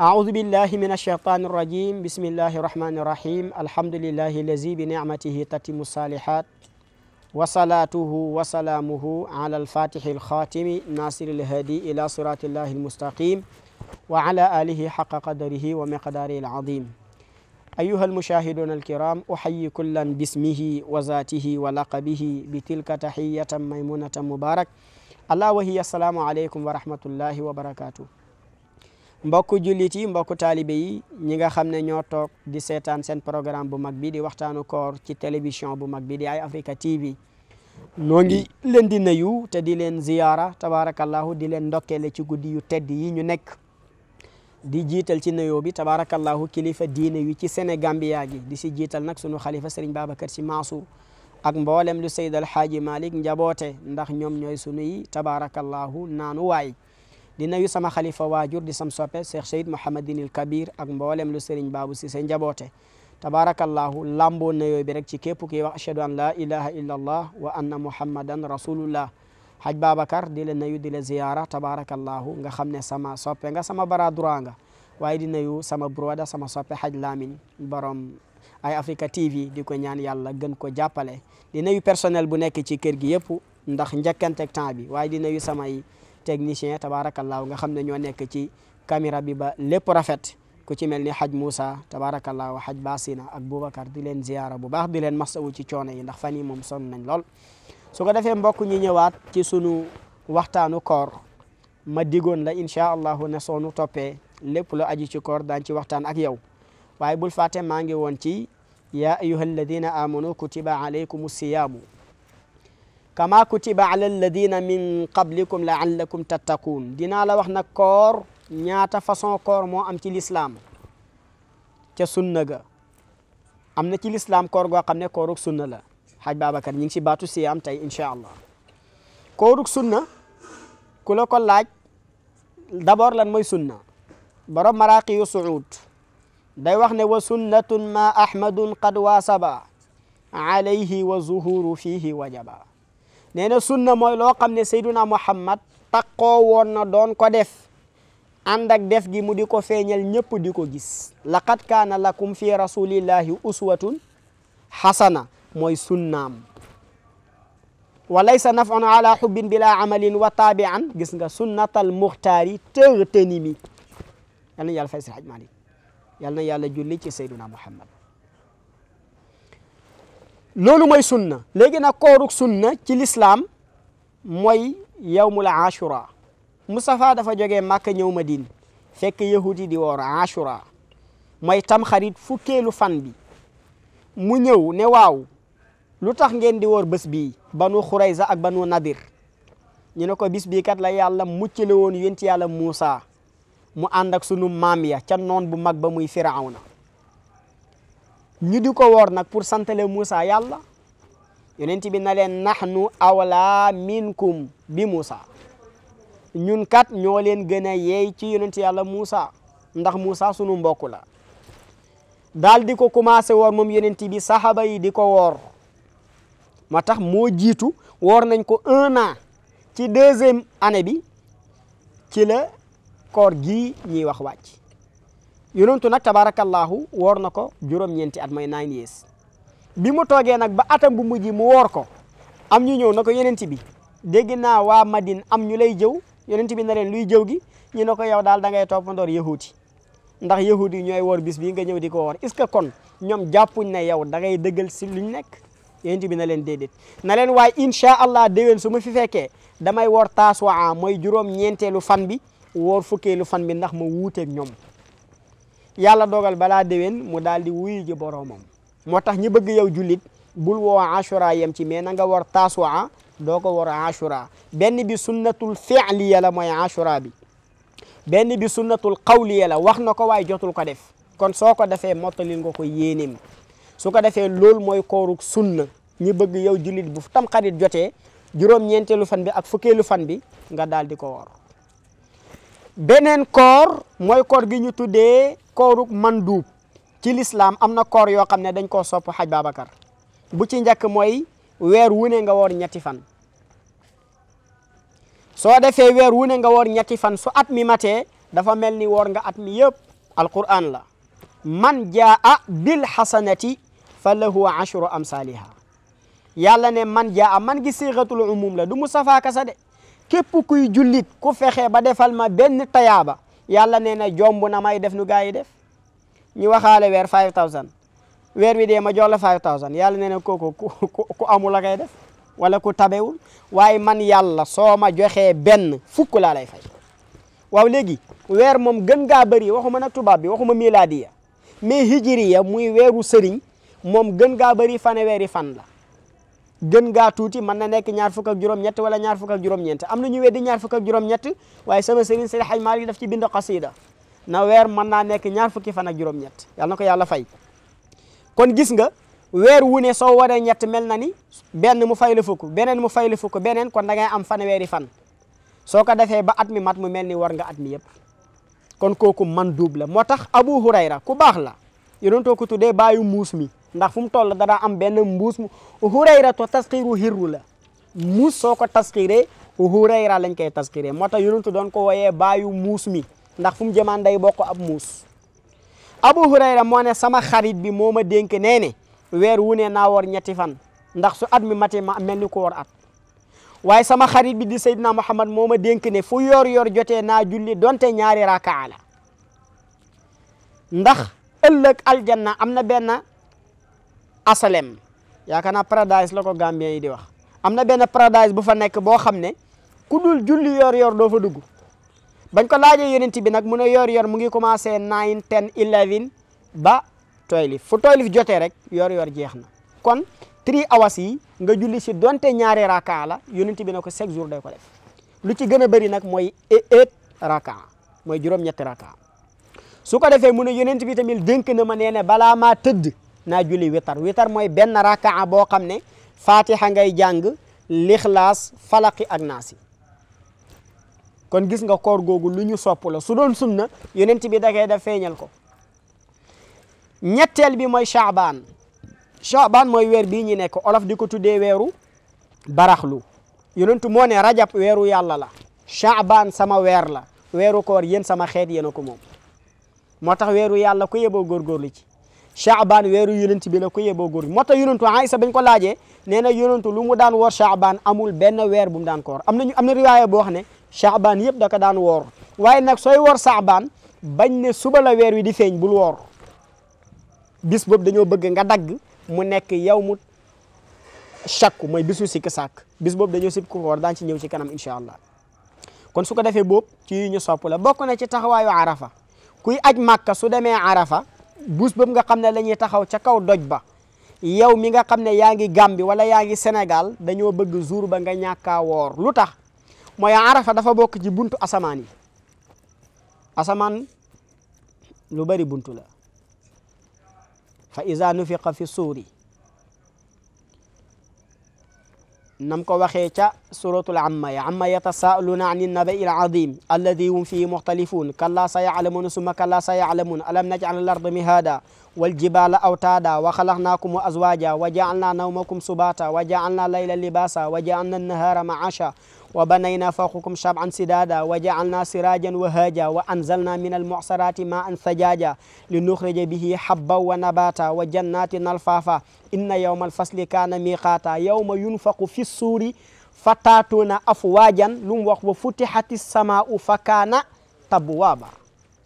أعوذ بالله من الشيطان الرجيم بسم الله الرحمن الرحيم الحمد لله الذي بنعمته تتم الصالحات وصلاته وسلامه على الفاتح الخاتم ناصر الهادي إلى صراط الله المستقيم وعلى آله حق قدره ومقداره العظيم أيها المشاهدون الكرام أحيي كلا باسمه وذاته ولقبه بتلك تحية ميمونة مبارك الله وهي السلام عليكم ورحمة الله وبركاته mbokku jullit yi mbokku taalibe yi ñi nga xam ne ñoo toog di seetaan seen programme bu mag bi di waxtaanu koor ci télévision bu mag bi di ay Africa TV noo ngi leen di nuyu te di leen ziyaara tabaarakallahu di leen ndokkeele ci guddi yu tedd yi ñu nekk di jiital ci nuyoo bi tabaarakallahu kilifa diine yu ci Sénégambia gi di si jiital nag sunu xalifa Serigne Babacar ci Mansour ak mboolem lu Seydal Haaji malik njaboote ndax ñoom ñooy sunuy tabaarakallahu naanu waay di nayu sama xalifa waajur di sam soppe Cheikh Seyd Mouhamadinil Kabir ak mboolem lu baabu si se njaboote tabarakallahu lamboo nuyoo bi rek ci képp kuy wax ashhadu an la ilaha illa allah wa anna muhammadan rasulullah haj babacar di la nuyu di la ziyaara tabarakallahu nga xam ne sama soppe nga sama bara droit nga waaye di nuyu sama broda sama soppe haj lamin borom ay africa tv di ko ñaan yàlla gën ko jàppale di nayu personnel bu nekk ci kër gi yëpp ndax njëkkanteeg temps bi waaye di nuyu samay technicien tabaarakallaahu nga xam ne ñoo nekk ci caméra bi ba lépp rafet ku ci mel ni xaj Moussa tabaarakallaahu xaj Basina ak Boubacar di leen ziyaara bu baax di leen masawu ci coono yi ndax fan yi moom sonn nañ lool su ko defee mbokku ñi ñëwaat ci sunu waxtaanu koor ma digoon la incha allahu ne soonu toppee lépp lu aju ci koor daan ci waxtaan ak yow waaye bul fàtte maa ngi woon ci ya ayuha alladina amanu kutiba alaykum siyaamu kama kutiba ala alladina la wax na koor ñaata façon koor moo am ci lislaam ca sunna ga am na ci lislaam koor goo xam ne koorug sunna la xaj Babacar ñu ngi si baatu siyaam tey incha allah koorug sunna ku la ko laaj d'abord lan mooy sunna borom maraaqi yu suud day wax ne wa sunnatun ma ahmadun qad waasaba alayhi wa zuhuru fihi wajaba nee na sunna mooy loo xam ne sayduna muhammad takkoo woon doon ko def ànd def gi mu di ko feeñal ñëpp di ko gis laqad kaana lakum fi rasulillahi uswatun xasana mooy sunnaam wa laysa nafun ala xubbin bila amalin wa taabian gis nga sunnatal muxtaari tëgtani mi yal na yàlla fay si xaj maalik yal na yàlla julli ci sayduna muhammad loolu mooy sunna léegi nag kooruk sunna ci lislaam mooy yawmul ashura Mustafa dafa jógee Màkka ñëw Madina fekk yahud yi di woor ashura mooy tamxarit fukkeelu fan bi mu ñëw ne waaw lu tax ngeen di woor bés bii banu xurayza ak banu nadir ñu ne ko bis bii kat la yàlla muccale woon yonent yàlla Muusa mu ànd ak sunu maam ya ca noon bu mag ba muy firawna ñu di ko woor nag pour santale Moussa yàlla yonent bi na leen nahnu awla minkum bi Moussa ñun kat ñoo leen gën a yeey ci yonent yàlla Moussa ndax Moussa sunu mbokk la daal di ko commencé woor moom yonent bi sahaba yi di ko woor ma tax moo jiitu woor nañ ko un an ci deuxième année bi ci la koor gi ñuy wax wàcc yonentu nag tabaarakallaahu woor na ko juróom-ñeenti at mooy nine years bi mu toogee nag ba atam bu mujj mu woor ko am ñu ñëw na ko yonent bi dégg naa waa Madine am ñu lay jëw yonent bi na leen luy jëw gi ñu ne ko yow daal da ngay toppandoor yahuudi ndax yahuudi ñooy woor bis bii nga ñëw di ko woor ce que kon ñoom jàppuñ ne yow da ngay dëggal si luñ nekk yonent bi na leen déedéet na leen waaye incha allah déwén su ma fi fekkee damay woor taasuwaa mooy juróom-ñeenteelu fan bi woor fukkeelu fan bi ndax ma wuuteeg ñoom yàlla dogal balaa déwén mu daal di wuyu ji boroomam moo tax ñi bëgg yow jullit bul woo ashura yem ci mais na nga war taasua doo ko war ashura benn bi sunnatul fi'liya la mooy ashura bi benn bi sunnatul qawliya la wax na ko waaye jotul ko def kon soo ko defee mottalil nga ko yéeneem su ko defee loolu mooy kooruk sunna ñi bëgg yow julit bu tam xarit jotee juróom-ñeenteelu fan bi ak fukkeelu fan bi nga daal di ko woor beneen koor mooy koor gi ñu tuddee kooruk manduub ci lislaam am na koor yoo xam ne dañ koo sopp xaj Babacar bu ci njëkk mooy weer wu ne nga woor ñetti fan soo defee weer wu ne nga woor ñetti fan su at mi matee dafa mel ni woor nga at mi yëpp alquran la man jaa bil xasanati fa lahu ashru amsaliha yàlla ne man jaa man gi siixatul umum la du mu safaaka de képp kuy jullit ku fexe ba defal ma benn tayaaba yàlla nee na jomb na may def nu gaa yi def ñu waxaale weer 5000 weer wi dee ma jox la 5000 yàlla nee na kooku ku ku amul la koy def wala ku tabewul waaye man yàlla soo ma joxee benn fukk laa lay fay waaw léegi weer moom gën ngaa bëri waxuma nag tubaab bi waxuma milaadiya mais hijiriya muy weeru sëriñ moom gën ngaa bëri fane weeri fan la gën gaa tuuti mën na nekk ñaar fukk ak juróom-ñett ñaar fukk ak juróom-ñeent am na ñu weddi ñaar fukk ak juróom-ñett waaye sama sëriñ Seydi Hajj Maalik daf ci bind xasida na weer mën naa nekk ñaar fukki fan ak juróom-ñett yàlla ko yàlla fay kon gis nga weer wu ne soo waree ñett mel na ni benn mu fay la fukk beneen mu fay la fukk beneen kon da ngay am fan weeri fan soo ko defee ba at mi mat mu mel ni war nga at mi yëpp kon kooku man duub la moo tax Abu Hurayra ku baax la yonentoo ko tuddee baayu muus mi ndax fu mu toll dana am benn mbuus mu hurayra to tasxiiru hirru la muus soo ko tasxiiree lañ koy tasxiiree moo tax yonentu doon ko wooyee baayu muus mi ndax fu mu day bokk ab muus abu hurayra moo ne sama xarit bi moo ma dénk nee ne weer wu ne naa woor ñetti fan ndax su at mi mate ma mel ni ko woor at waaye sama xarit bi di Seydina Muhammad moo ma dénk ne fu yoor yor jote naa julli donte ñaari rakaa la ndax ëllëg aljanna am na benn asalem yaakaar naa paradise la ko gambien yi di wax am na benn paradise bu fa nekk boo xam ne ku dul julli yor-yor doo fa dugg bañ ko laajee yonent bi nag mu ne yor-yor mu ngi commencé nine ten eleven ba toylif fu toylif jotee rek yor-yor jeex na kon tri awas yi nga julli si donte ñaari raka la yonent bi na ko chaque jour day ko def lu ci gën a bëri nag mooy eight raka mooy juróom-ñetti raka su ko defee mu ne yonent bi tamit dénk na ma nee ne balaa maa tëdd. naa juli witar witar mooy benn rakaa boo xam ne fatiha ngay jàng lixlaas falaqi ak naasi kon gis nga koor googu lu ñu sopp la su doon sunna yonent bi da koy def feeñal ko ñetteel bi mooy chaabaan chaabaan mooy weer bii ñu nekk olof di ko tuddee weeru baraxlu yonentu moo ne rajab weeru yàlla la chaabaan sama weer la weeru koor yéen sama xeet yéen a ko moom moo tax weeru yàlla ku yeboo góorgóorlu ci Chaabaan weeru yonent bi la ko yeboo góor gi moo tax yonentu Aysa bañ ko laajee nee na yonentu lu mu daan woor Chaabaan amul benn weer bu mu daan ko am nañu am na riwaaya boo xam ne Chaabaan yëpp daka daan woor waaye nag sooy woor Chaabaan bañ ne suba la weer wi di feeñ bul woor bis boobu dañoo bëgg nga dagg mu nekk yow mu chakku mooy bisu sikk sàkk bis boob dañoo sib ko woor daan ci ñëw ci kanam incha allah kon su ko defee boobu ci ñu sopp la bokk na ci taxawaayu arafa kuy aj màkka su demee arafa buus boobu nga xam ne la ñuy taxaw ca kaw doj ba yow mi nga xam ne yaa ngi Gàmbi wala yaa ngi Sénégal dañoo bëgg jour ba nga ñàkkaa woor lu tax mooy arafa dafa bokk ci buntu asamaan yi asamaan lu bari buntu la fa iza nufiqa fi suuri nam ko waxee ca suratul amma ya amma yatasaaluna an nabai l adim alladi hum fihi muxtalifun kalla sa yalamun summa kalla sa yalamun alam najal al arda mihaada wal jibaala awtaada wa xalaqnaakum wa azwaaja wa jaalna nawmakum subaata wa jaalna layla libaasa wa jaalna nahaara maasha wa banayna fawqakum sab'an sidaada wa jaalna siraajan wa haaja wa anzalna min almu'saraati maa'an sajaaja linuxrija bihi habban wa nabaata wa jannaatin alfaafa inna yawma alfasli kaana miiqaata yawma yunfaqu fi suuri fataatuuna afwaajan lu mu wax wa futihati samaa'u fa kaana tabwaaba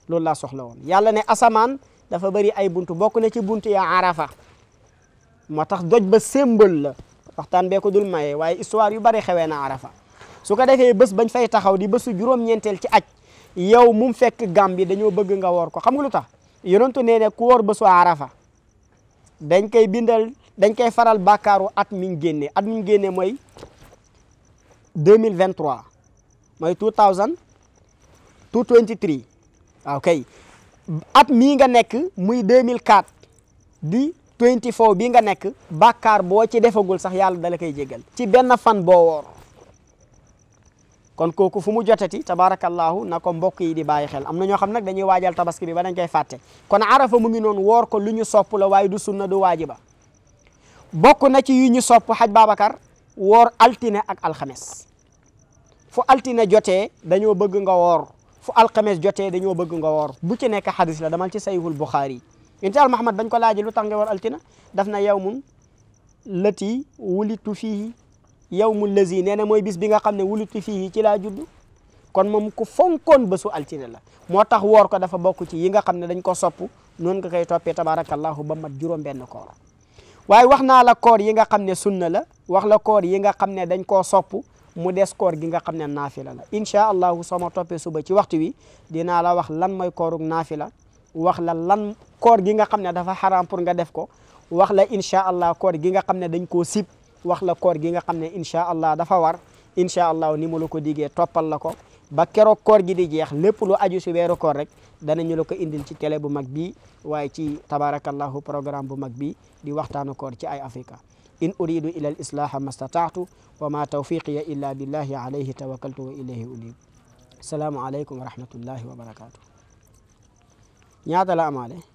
loolu laa soxla woon yàlla ne asamaan dafa bari ay buntu bokk na ci buntu ya arafa moo tax doj ba symbole la waxtaan bee ko dul maye waaye histoire yu bari xewee na arafa su ko defee bës bañ fay taxaw di bésu juróom-ñeenteel ci aj yow mu fekk gàmm bi bëgg nga woor ko xam nga lu tax yonentu nee ne ku woor bésu arafa dañ koy bindal dañ koy faral bàkkaaru at mi ñu at mi ñu génnee mooy 2023 mooy 2000 223 waaw kay at mii nga nekk muy 2004 di 24 bi nga nekk bàkkaar boo ci defagul sax yàlla dala koy jégal ci benn fan boo woor kon kooku fu mu jotati tabaarakallaahu na ko mbokk yi di bàyyi xel am na ñoo xam nag dañuy waajal tabaski bi ba dañ koy fàtte kon arafa mu ngi noonu woor ko lu ñu sopp la waaye du sunna du waajiba bokk na ci yu ñu sopp xaj Babacar woor altine ak alxames fu altine jotee dañoo bëgg nga woor fu alxames jotee dañoo bëgg nga woor bu ci nekk xadis la damal ci sayhul Buxaari yénti al Muhammad dañ ko laaji lu tax nga woor altina daf na yawmun lati wulitu fiihi yawmul lazi nee na mooy bis bi nga xam ne wulitu fiihi ci laa judd kon moom ku fonkoon bésu altine la moo tax woor ko dafa bokk ci yi nga xam ne dañ ko sopp noonu nga koy toppee tabarakallahu ba mat juróom benn koor waaye wax naa la koor yi nga xam ne sunna la wax la koor yi nga xam ne dañ koo sopp mu des koor gi nga xam ne naafila la incha allah soo ma toppee suba ci waxtu wi dinaa la wax lan mooy koorug naafila wax la lan koor gi nga xam ne dafa xaraam pour nga def ko wax la incha allah koor gi nga xam ne dañ koo sip wax la koor gi nga xam ne incha allah dafa war incha allah ni ma la ko digee toppal la ko ba keroog koor gi di jeex lépp lu aju si weeru koor rek danañu la ko indil ci tele bu mag bi waaye ci tabarakallahu programme bu mag bi di waxtaanu koor ci ay Africa in uridu ila al islaha mastata'tu wa ma tawfiqiya illa billahi alayhi tawakkaltu wa ilayhi unib salaamu aleykum wa rahmatullahi wa barakatuh ñaata la amaale